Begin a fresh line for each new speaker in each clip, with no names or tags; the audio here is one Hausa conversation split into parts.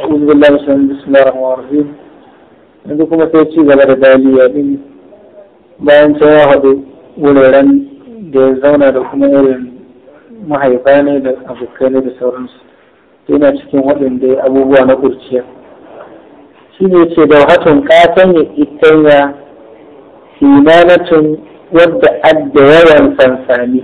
أعوذ بالله من بسم الله الرحمن الرحيم yanzu kuma sai ci gaba da daliya din bayan ta ya haɗu wuraren da ya zauna da kuma irin da abokai ne da sauransu yana cikin waɗanda abubuwa na kurciya shi ne ce da hatun katon ya itanya hinanatun wadda adda yawan sansani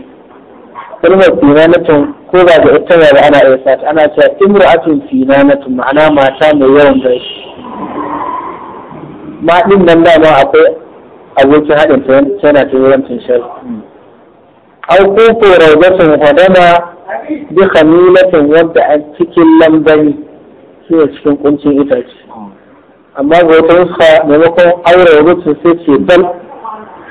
kalmar tun ko ba da ita ba ana iya sata ana cewa imra'atun tun, ma'ana mata mai yawan bai ma din nan dama akwai abokin haɗin ta yana ta yawancin shari au kofo raugatun hadana bi khamilatin wadda a cikin lambari shi cikin kuncin itace amma ga wata nuska maimakon aure rutun sai ce bal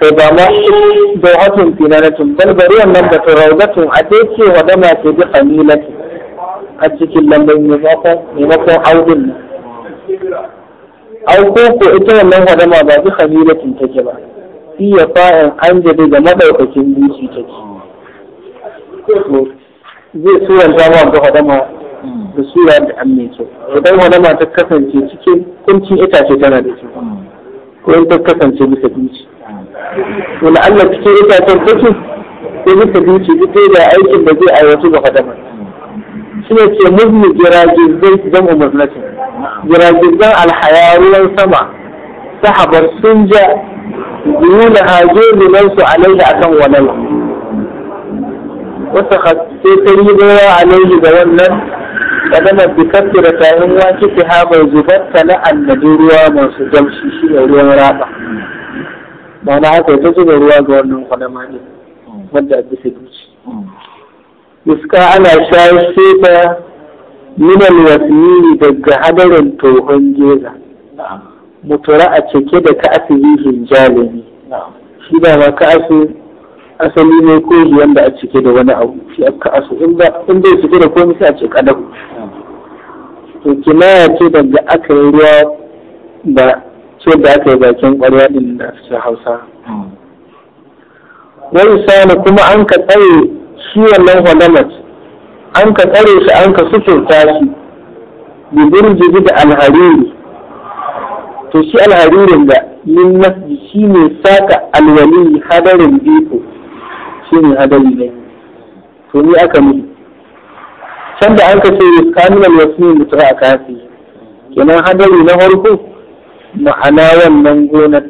ko ba ma na tun bal bari wannan da ta tun a dai ce wadana ke bi khamilati a cikin lambar maimakon maimakon audin nan au ko ko ita wannan wadama ba bi ta take ba ya fa'in an jade maɗaukacin madaukakin buci take zai suranta ma ga wadama da sura da an mai kyau idan wadama ta kasance cikin kuncin itace tana da kyau ko ta kasance bisa duci
Wani Allah cikin itacen take
sai duka duci ita da aikin da zai aiwatu ga fadama shi ne ce muzni giragizai zan umarnati giragizan alhaya ruwan sama sahabar sun ja yuna hajo su alaihi akan walal wata sai ta yi a alaihi ga wannan kadama bi kaffira tayin waki ta habar zubatta na annabi ruwa masu damshi shi ne ruwan raba ba na haka ta zuba ruwa ga wannan kwalama ne wadda a bisa duci iska ana shayar sai da minal wasiri daga hadarin tohon geza mutura a cike da ka asiri jalimi shi da ma ka asali ne ko wanda a cike da wani abu shi aka asu in bai cike da komai sai a ce kadau to kinaya ce daga aka yi ruwa da sai da aka yi bakin ƙwarya ɗin da su hausa wani sani kuma an ka tsare shi wannan hulamat an ka tsare shi an ka suturta shi bibir jibi da alhariri to shi alharirin da yin masjid shi ne saka alwali hadarin biko shi ne hadari ne to ni aka mutu can da an ka ce kamilar wasu mutu a kafi kenan hadari na farko ma'ana wannan gonar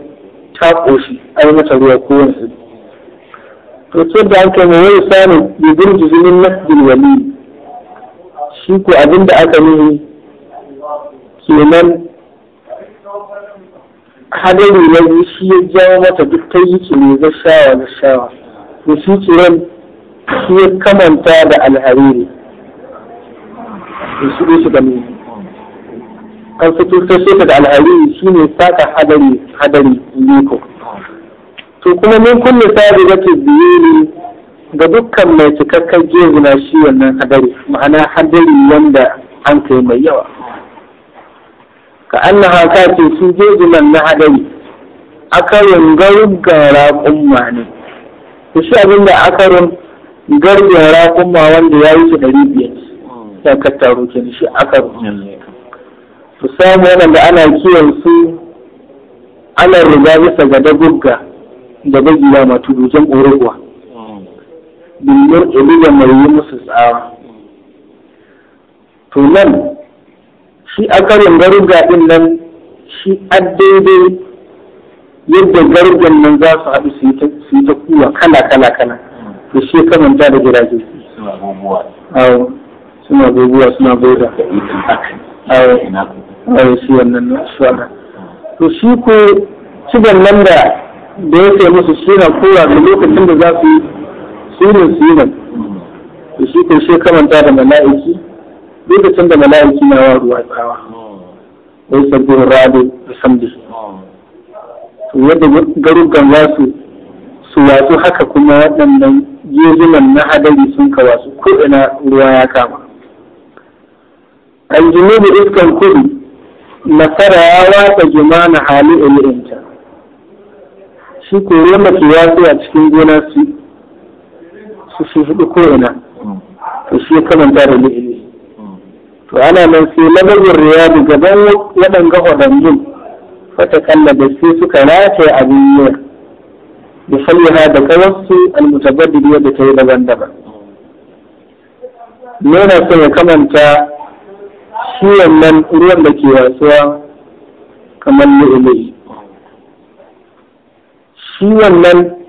ta ƙoshi a yi mata ruwa ko wani iri to ce da aka mai sani, samun bibin jizinin nasbin wali shi ko abin da aka nuhi
kenan hadari na
yi shi ya jawo mata duk ta yi ce mai gashawa shawa. to shi nan shi ya kamanta da alhariri shi ne shi kan fito ta da al'adu shi ne saka hadari hadari liko to kuma mun kunna sai da ke biye ne ga dukkan mai cikakken na shi wannan hadari ma'ana hadari wanda an kai mai yawa ka an haka ce su na hadari akarin garugan kuma ne to shi abin da akarin garugan kuma wanda ya yi shi ɗari biyar ya ka taro shi akarin su samu waɗanda ana kiwon su ana riga bisa ga dagugga da dagiya matu dujen ɓorowa domin iliya mai yi musu tsawa to nan shi a karin garuga ɗin nan shi a daidai yadda garugan nan za su haɗu su yi ta kuwa kala kala kana to shi manta da jirage suna abubuwa suna abubuwa suna boda waye shi wannan shugaban to shi ko cigan nan da da ya ce musu shi na kowa su lokacin da za su yi sunan sunan to shi ko shi kamanta da mala'iki lokacin da mala'iki na wa ruwa tsawa wai sabbin rado da samdi to yadda garugan za su su wasu haka kuma waɗannan jejunan na hadari sun ka wasu ko ina ruwa ya kama an jini da iskan kudu nasara ya watsa na hali ilminta shi kore mace ya tsaye a cikin gona su su su hudu ko'ina to shi ya kamanta da to ana nan sai labarin riyadu gaban waɗanga hudandun fata kalla da sai suka rataye abin yiwa da falyaha da kawarsu almutabaddil da ta yi daban-daban. Nuna sai ya kamanta shi wannan ruwan da ke wasuwa kamar lu'ulu'i shi wannan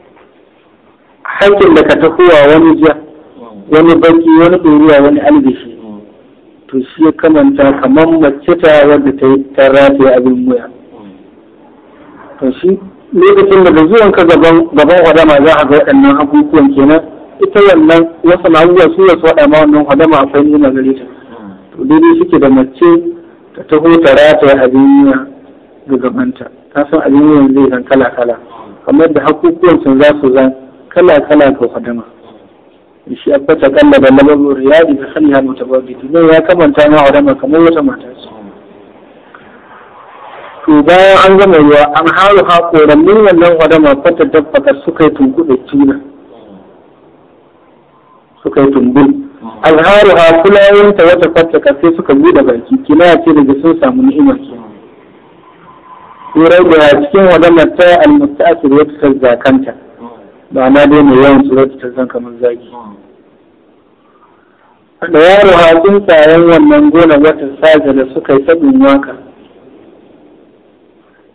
hankin da ka tafowa wani ja wani baki wani ɗoruwa wani albishi to shi ya kamanta kamar mace ta wadda ta yi tarata abin wuya to shi lokacin da da zuwan ka gaban hadama za a ga waɗannan abubuwan kenan ita wannan wasu abubuwa su wasu waɗama wannan hadama akwai nuna gare ta to suke da mace ta taho ta rata abin wuya ga gabanta ta san abin wuyan zai zan kala kala kamar da hakukuwan sun za su zan kala kala ko kadama shi a ta kalla da ya riyadi da ba bi ne ya kamanta ma wadama kamar wata mata ce to bayan an gama ruwa an haru haƙorannin wannan wadama fata dabbaka suka yi tunkuɗe juna suka yi tunkuɗe azharuha kulayenta wata fataka sai suka buɗe baki kinaya ce daga sun samu ni'imar kenan turai da cikin wadannan ta almusta'asir wata ta zakanta ba na dai mai yawan suratu ta zan kamar zaki da yaro hatsin tsayen wannan gona wata saja da suka yi sabin waka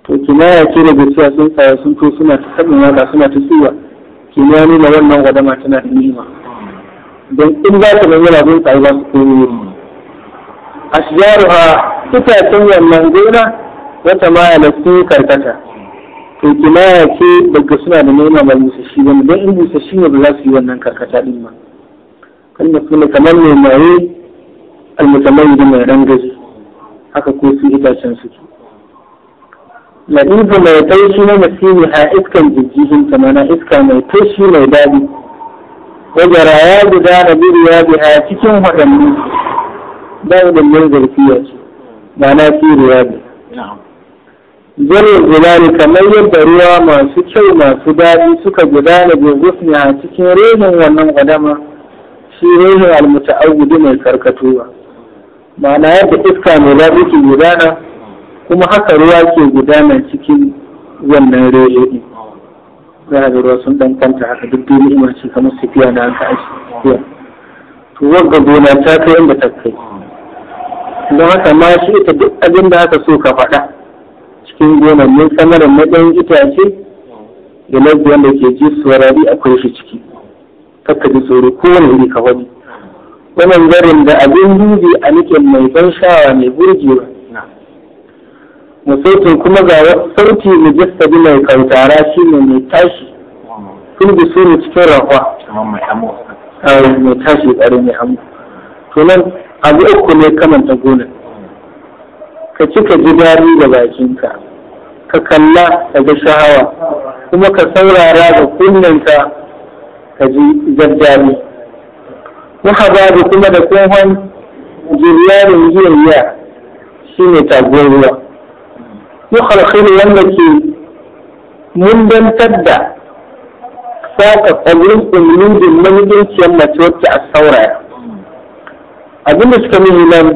to kinaya ce da gaciya sun tsaya sun to suna ta sabin waka suna ta tsuwa kinaya nuna wannan wadama tana da ni'ima don in za ta bayyana zai masu ba su koyi a shijaruwa itacen wannan gona wata ma yana su karkata to ya ce daga suna da nema mai musashi ba don in musashi ne ba za su yi wannan karkata din ba da suna kamar mai maye almutamai da mai rangaji haka ko su itacen suke ladibu mai taushi na nasihi a iskan jijjihin ta mana iska mai taushi mai daɗi wajara ya gudana biriya a cikin waɗannan ba da mai zarfiya ce ba na firiya yi jalin zulali kamar yadda ruwa masu kyau masu daɗi suka gudana bai a cikin rehin wannan ƙadama shi rehin augudu mai karkatowa ma'ana yadda iska mai daɗi ke gudana kuma haka ruwa ke gudana cikin wannan rehin za ruwa sun dan kwanta haka duk dai ni'ima ce kamar sifiya na haka ake sifiya to wanga gona ta kai inda ta kai don haka ma shi ita duk abin da aka so ka faɗa cikin gonar mun samarin matsayin itace da lafi wanda ke ji saurari akwai shi ciki kakka ji tsoro kowane iri ka wani wannan garin da abin dubi a nikin mai ban sha'awa mai burgewa mu sautin kuma ga sauti mu jassadi mai kautara shi ne mai tashi sun bi su cikin rafa mai tashi tsare mai hamu to nan abu uku ne kamanta gona ka cika ji daɗi da bakinka ka kalla ka ga sha'awa kuma ka saurara da kunnenka ka ji jaddani da kuma da kohon jiriyarin shi shine taguwar ruwa mukhalqin wanda ke mundantar da saka kwallon ɗin mahimmanciyar mace wacce a sauraya abin da suka nuhi nan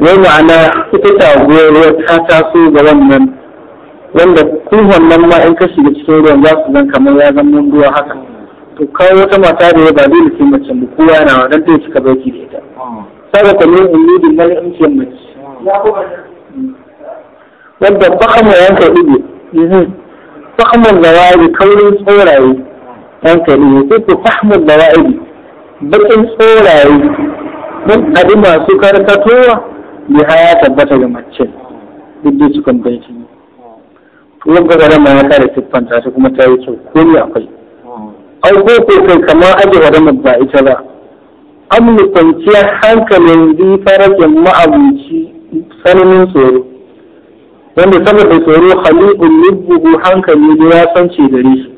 wai ma'ana ita ruwa ta taso ga wannan wanda kuhon nan ma in ka shiga cikin ruwan za su zan kamar ya zama ruwa haka to kawo wata mata da ya ba zai nufin mace mu kowa na wadan ta cika bauki da ita saboda kwallon ɗin mace wanda ya yanka ido mhm. fahmun nawa'i kaurin tsoraye yanka ido sai ku fahmun nawa'i bakin tsoraye mun haɗu masu karkatowa ne ya tabbata da mace duk da su kan bai shi tuwon gagara ma ya kare siffanta ta kuma ta yi kyau ko ne akwai an ko ko kai kamar aje wa ba ita ba an kwanciyar hankalin bi farakin ma'abuci tsananin tsoro wanda saboda tsoro khaliqun lubbuhu hankali da ya san ce gare shi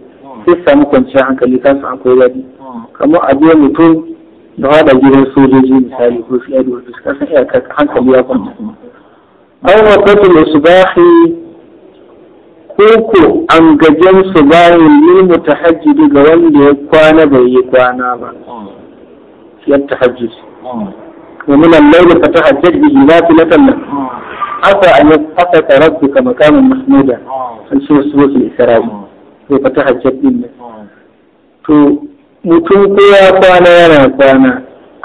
sai samu kwanciyar hankali su akwai daɗi kamar a biya mutum da hada gidan sojoji misali ko su yadda wasu kasa iyakar hankali ya kwanta an wakatul isbahi koko an gajen su bayan ta hajji ga wanda ya kwana bai yi kwana ba ya tahajjudi wa min al-layli fatahajjad bihi na lahu عسى أن يبعثك ربك مكانا محمودا sun so su su isra'i to fata hajjar din ne to mutum ko ya kwana yana kwana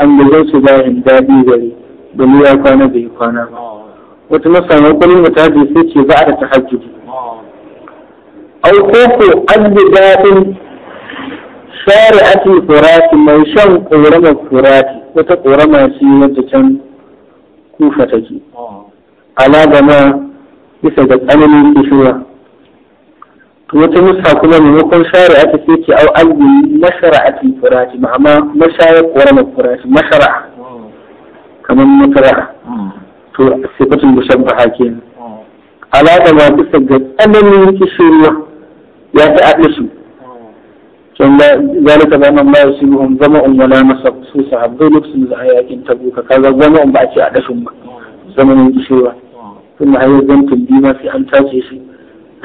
an gaza su ba in daɗi gari domin ya kwana bai kwana ba wata masana kwanin ta bai sai ce ba a da tahajjudi au ko ko an bi daɗin furati mai shan ƙoramar furati wata ƙorama ce wacce can kufa take ala gama bisa ga tsananin kishiwa to wata musa kuma maimakon shari'a ake ce ce au albi mashara'atin amma ma'ama mashayar na furati mashara kamar mutara to sifatin mushabbaha kenan ala ma bisa ga tsananin kishiwa ya fi aɗe su can da zalika ba man bayu su zama un wala masab su sahabbai lokacin da yaƙin tabuka kaza zama un ba a ce a dashin ba zamanin kishiwa sun hayar zan tumbi ma sai an tace shi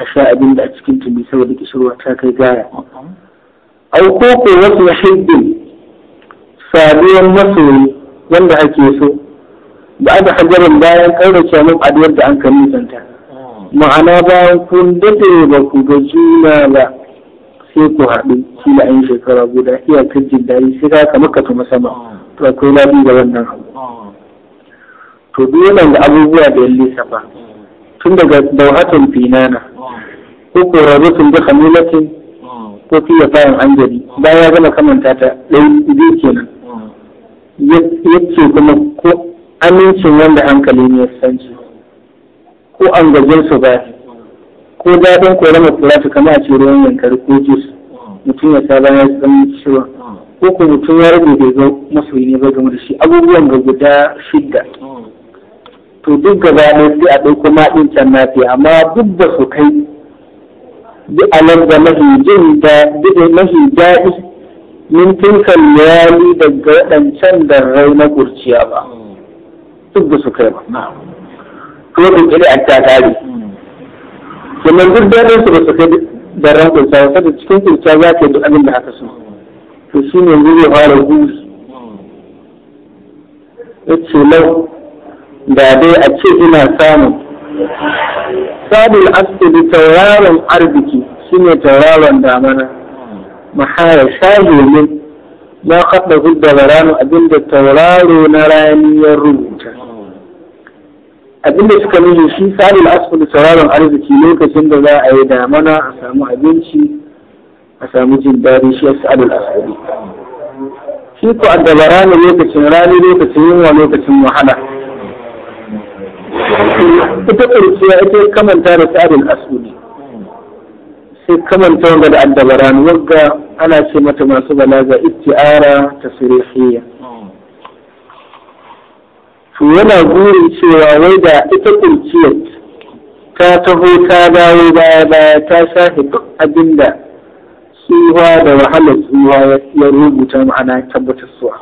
a sha abin da a cikin tumbi saboda kishirwa ta kai gaya
au
ko ko wasu hibbin sabuwar masoyi wanda ake so da aka hajarin bayan ƙaurace min aduwar da an ka nisanta ma'ana bayan kun dade ba ku ga juna ba sai ku haɗu shi da an shekara guda iyakar jin daɗi sai ka maka tuma sama to akwai ladi da wannan abu to duk da abubuwa da sa ba tun daga dauhatun finana ko korarutun bi hamilatin ko fiye bayan an gari bayan ya gama kamanta ta ɗaya biyu kenan yace kuma ko amincin wanda hankali ne ya sanci ko an gajin su ba ko daɗin kore mai kula ta kamar a ce ruwan yankari ko jus mutum ya saba ya san ciwon ko ko mutum ya rubuta bai ga masoyi ne ba game da shi abubuwan ga guda shidda to duk gaba ne sai a ɗauko maɗin can nafi amma duk da su kai bi a da mahi jin da mahi daɗi min tinkan layali daga waɗancan da rai na kurciya ba duk da su kai ba to da kire a ta kare kuma duk daɗin su ba su kai da ran kurciya saboda cikin kurciya za ka yi duk abin da haka so to shine yanzu zai fara guri yace lau da dai a ce ina samu sadul asiri tauraron arziki ne tauraron damana mahara shahimin na haɗa hudda barano abinda tauraro na rani ya rubuta abinda suka nuna shi sadul asiri tauraron arziki lokacin da za a yi damana a samu abinci a samu jin daɗi shi sadul asiri shi ko a dabarano lokacin rani lokacin yunwa lokacin wahala ita kurciya ita kamanta da tsarin asuli sai kamanta wanda da addabaran wagga ana ce mata masu balaga ittiara ta sirihiyya to yana guri cewa wai da ita kurciyar ta taho ta dawo baya baya ta shafe duk abinda tsuwa da wahalar tsuwa ya rubuta ma'ana tabbatar suwa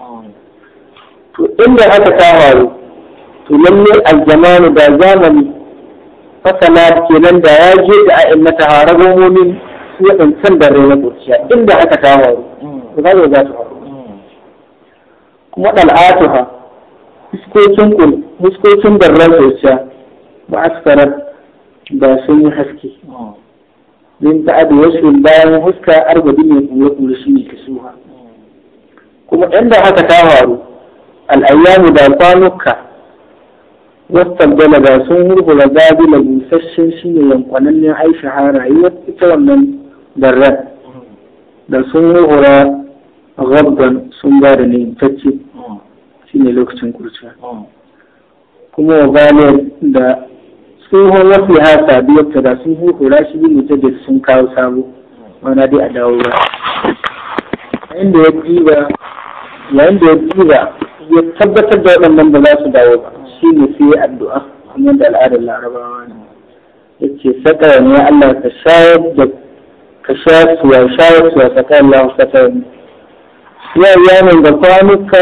to inda aka ta to lalle aljamanu da zamani fasana kenan da ya je da a'immata harago mumin su ya dancan da rai na kurciya inda aka ta faru to kaga za su faru kuma dal'atuha fuskokin kun fuskokin darran kurciya ma'askarar ba sun yi haske min ta'adu wasu bayan huska arba'in ne kuma kuma shi ne kasuwa kuma inda aka ta faru al'ayyamu da kwanuka wastabdala da sun hurgula da busasshen shi ne yankwanannen aisha ha rayuwar ita wannan darren da sun hurgula gabban sun ba da nintacce shi ne lokacin kurciya kuma wa baliyar da tsohon wasu ya sabiyarta da sun hurgula shi ne da sun kawo sabo mana dai a dawo ba yayin da ya ba. أن يتثبت الدولة أن بلا سداوة سيني في الدعاء من الآل العربة يتي سكين يا أن كشاهد كشاهد وشاهد وسكين الله سكين يا يوم بطانك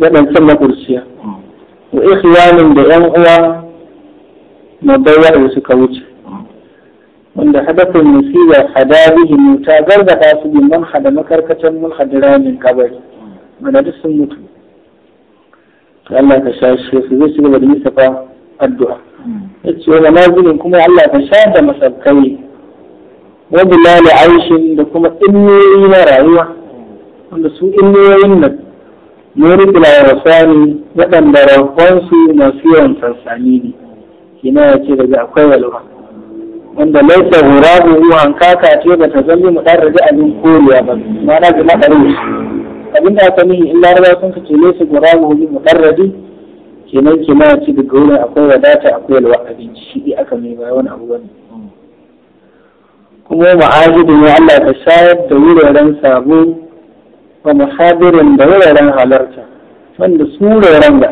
يبن سمى أن وإخوان بأن هو مضيع يسكوت أن حدث النسيء حدابه متاجر بحاسب من خدمك الكتن من خدران من كبري mana duk sun mutu Allah ka sha shi su zai shiga da Mustafa addu'a ya ce wa manazilin kuma Allah ka sha da masabkai wa bilali aishin da kuma inniyoyi na rayuwa wanda su inniyoyin nan yuri bilayarsa ne waɗanda rahonsu masu yawan sansani ne kina ya ce daga akwai walwa wanda laisa hurabu ruwan kaka ce ba ta zalli mu ɗan raja abin koriya ba ma na ga maɗarin abin da aka nihi in larabawa sun ce nesa gurabu hudu mukarrabi kenan kenan ci daga wurin akwai wadata akwai yalwa abinci shi aka mai ba wani abu bane kuma ma'ajidin ne Allah ka shayar da wuraren sabo wa muhadirin da wuraren halarta wanda su wuraren da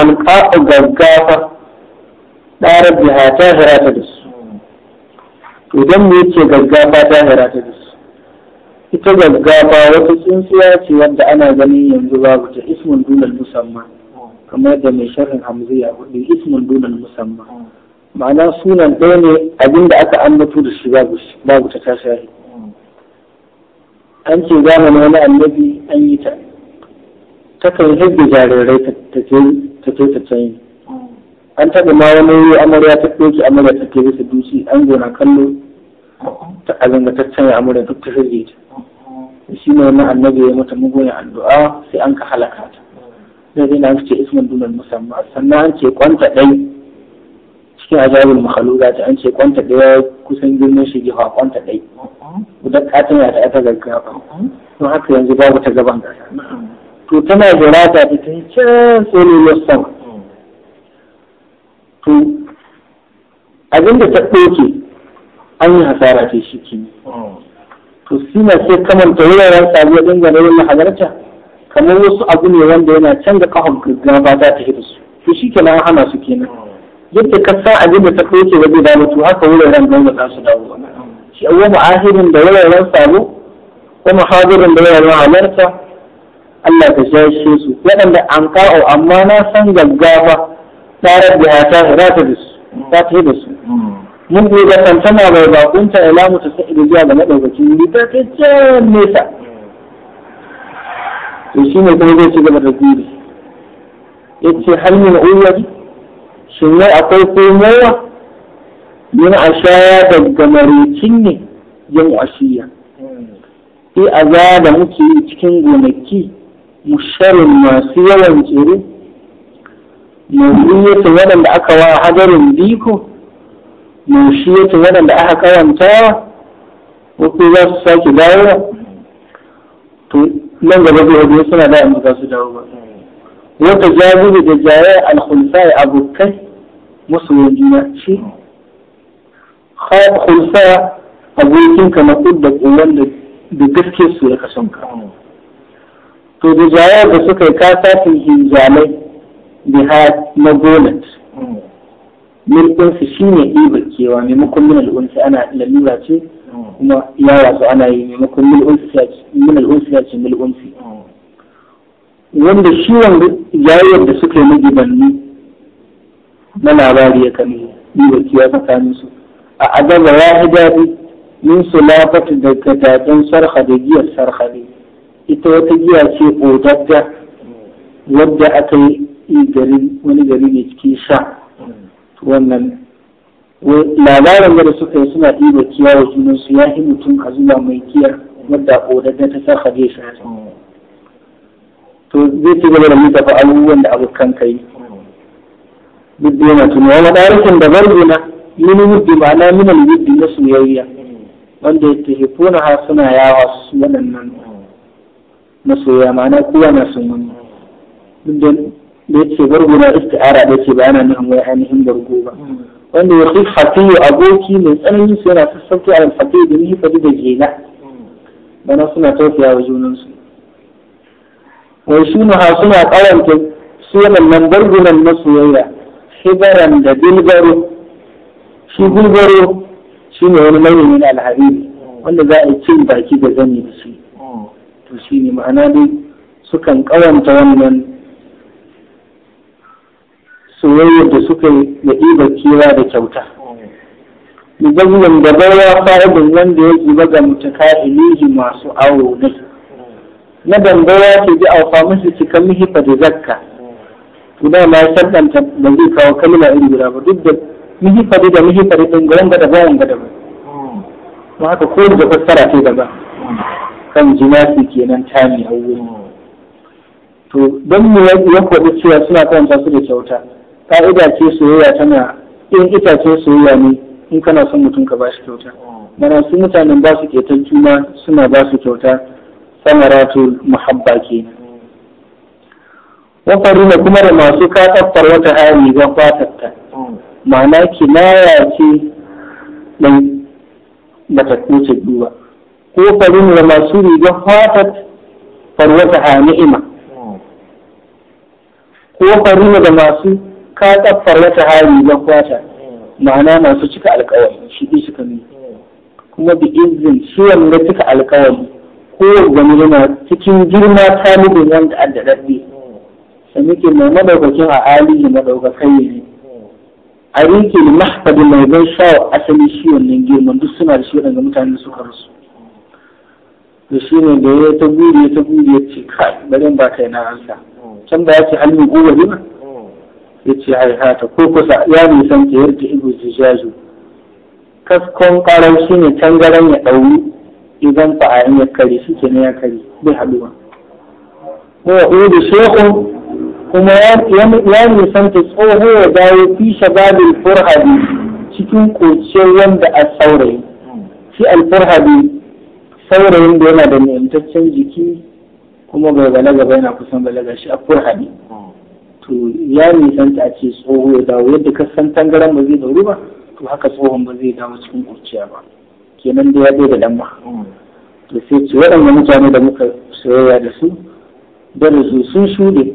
an ƙaƙa gaggafa ɗarar biha ta harata da su idan mu yake gaggafa ta harata da su ita gaggafa wata tsintsiya ce wadda ana ganin yanzu babu ta ismun dunar musamman kamar da mai sharhin ya hudu ismun dunar musamman ma'ana sunan ɗaya ne abinda aka ambato da shi babu ta tashari an ce zamanin wani annabi an yi ta takan hibbe jarirai ta ce ta canyi an taɓa ma wani amarya ta ɗauki amarya ta ke bisa duci an gona kallo ta abin da ta canya amurin duk ta shirye ta shi ne wani annabi ya mata mugun addu'a sai an ka halaka ta zai dai na ce ismin dunan musamman sannan an ce kwanta ɗai cikin ajabul makhaluka ta an ce kwanta ɗaya kusan girman shi gefa kwanta ɗai gudan katin ya ta ata gaggawa don haka yanzu babu ta gaban gasa to tana jirata ta ta yi can sai sama to abinda ta ɗauke an yi hasara ce shi ke to sina sai kamanta wuraren sabuwar dangane yin halarta kamar wasu abu ne wanda yana canza kahon gaggawa ba za ta hita su to shi ke nan hana su nan. yadda ka san abin da ta ɗauke ba zai dawo to haka wuraren gwamnati za su dawo shi abuwa ma'ahirin da wuraren sabu, ko mahadirin da wuraren halarta Allah ka shashe su waɗanda an ka'o amma na san gaggawa tsarar da ya ta za ta da
su
mun gobe tantama bai bakunta ila ta sai da zuwa ga madaukakin ni ta kace nesa to shi ne kuma zai ci gaba da guri yace hal min ulwadi shin ne akwai komowa yin ashaya daga maricin ne yin ashiya sai aza da muke cikin gonaki sharin masu yawan tsere mai yi waɗanda aka wa hadarin biko yake waɗanda aka karanta wasu za su sake dawo to nan gaba zai hudu suna da yanzu za su dawo ba wata jazibi da jaya alkhulfai abokai masoyan juna ce khulfa abokin ka na da kowan da gaske su ya kasan ka to da jaye da suka yi kasa su hinjalai da na golat mulkinsu shi ne ɗibar kewa maimakon min al'unsu ana lalura ce kuma yawa su ana yi maimakon min al'unsu ya ce mil'unsu wanda shi wanda jayayyar da suka yi magibanni na labari ya kame ɗibar kewa tsakanin su a adaba ya yi daɗi min sulafatu daga daɗin sarha da giyar sarha ne ita wata giya ce odadda wadda aka yi garin wani gari ne cikin sha wannan labarin da suka yi suna ɗiba kiyawa junan su ya yi mutum a zuwa mai kiyar wadda ƙodadda ta sa je shi to zai ci gaba da mu tafi abubuwan da abokan kai duk da yana tuni wani ɗarikin da barbina yini wuddi ma'ana nuna wuddi na soyayya wanda ya tafi kona ha suna yawa su waɗannan masoya ma'ana kowa na sun wani duk da da yake gargu na isti'ara da yake bayana nufin wai ainihin bargo ba wanda ya fi fatiyu aboki mai tsananin su yana sassauta a fatiyu da nihi fadi da jela bana suna tausaya wa junansu wai suna ha suna karanta sunan nan bargunan na soyayya hibaran da bilbaro shi bilbaro shi ne wani manyan yana alhariri wanda za a yi cin baki da zani da shi to shi ne ma'ana dai sukan kawanta wannan soyayyar da suka yi da ibar kewa da kyauta. Mujallar da baya da wanda ya zuba ga mutaka ilihi masu awo ne. Na dambawa ke ji alfa su cika mihifa da zakka. Guda ma ya shaɗanta ba zai kawo kalma iri guda ba duk da mihifa da mihifa da ɗin gwayan gada bayan gada ba. Ma haka ko da fassara ce gaba. Kan jima'i kenan ne a wuri. To don mu ya kwaɗi cewa suna karanta su da kyauta. ka'ida ce soyayya tana in ita ce soyayya ne in kana son mutum ka bashi kyauta mana su mutanen ba su ke juna suna ba su kyauta samaratu muhabba ke na kuma da masu katsaftar wata hali ga fatatta ma'ana ya ce ɗan bata kuce duba ko farin da masu rigar fatat farwata a ni'ima ko farin da masu ka tsaffar wata hali na kwata ma'ana masu cika alkawari shi ɗin suka ne kuma da izin shi wanda cika alkawari ko wani yana cikin girma talibin wanda addadadde da muke mai madaukakin a hali da madaukakai ne a rike da mahfadin mai ban sha'awa asali shi wannan girman duk suna da shi waɗanda mutane suka rasu da shi ne da ya ta ta ya ce kai bari ba na ansa?' can ba ya ce halin ba ya ce haihata ko kusa ya nisan ke yarda ibu zijaju kaskon karau shi ne tangaran ya ɗauri idan fa'ayin ya kare shi ke ya kare bai haɗuwa ko ya hudu shehu kuma ya nisan ta tsoho ya dawo fi shababin furhadi cikin kociyar wanda a saurayi shi alfurhadi saurayin da yana da nemtaccen jiki kuma bai balaga gaba yana kusan balaga shi a furhadi to ya nisanta a ce tsoho ya dawo yadda ka san tangaran ba zai dauri ba to haka tsohon ba zai dawo cikin kurciya ba kenan da ya bai da to sai ce waɗanda mutane da muka soyayya da su su sun shuɗe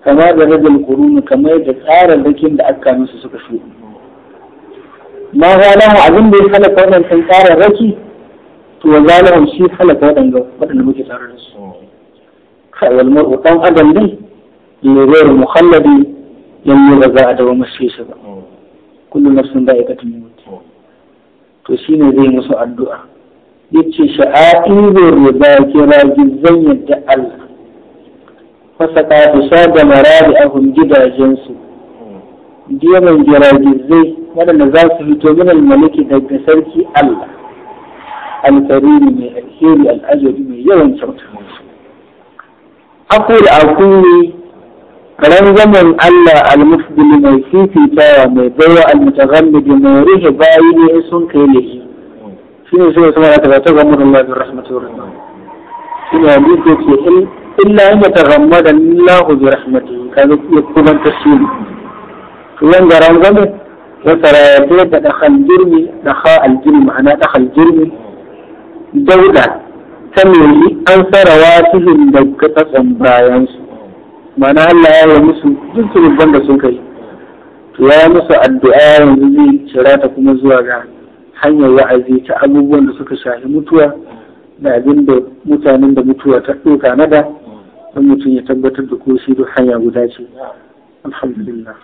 kama da rajin kurunu kamar da rikin da aka musu suka shuɗe ma mu abin da ya halaka waɗancan raki? to wa mu shi halaka waɗanda muke tsarin da su kawai wal mar'u adam ne lewar muhalladi lalle ba za a dawo mashi shi ba kullum nafsin da'ikatul mutu. to shine zai musu addu'a yace sha'a'ibur riba kira gizan yadda Allah fasaka su shaga marari a gidajensu diyaman giragizai waɗanda za su fito min almaliki daga sarki Allah alkariri mai alheri al'ajabi mai yawan kyauta da akuri karan zaman Allah al-mufdil mai fifitawa mai baiwa al-mutaghammid mai rike bayi ne sun kai ne shi ne sai sama ta ta gamu Allah bi rahmatu rahman shi ne ali ko ce illa ya mutaghammada Allah bi rahmatu kaga ya kuma tasiri to yan garan zaman ya sarayate da dakhal jirmi dakha al-jirmi ma'ana dakhal jirmi dauda ta mai an sarawa cikin daga tsatsan bayansu mana Allah ya yi musu duk zunubban da sun kai to ya musu addu'a yanzu zai cira ta kuma zuwa ga hanyar wa'azi ta abubuwan da suka shafi mutuwa da abin da mutanen da mutuwa ta ɗauka na da don mutum ya tabbatar da ko shi duk hanya guda ce alhamdulillah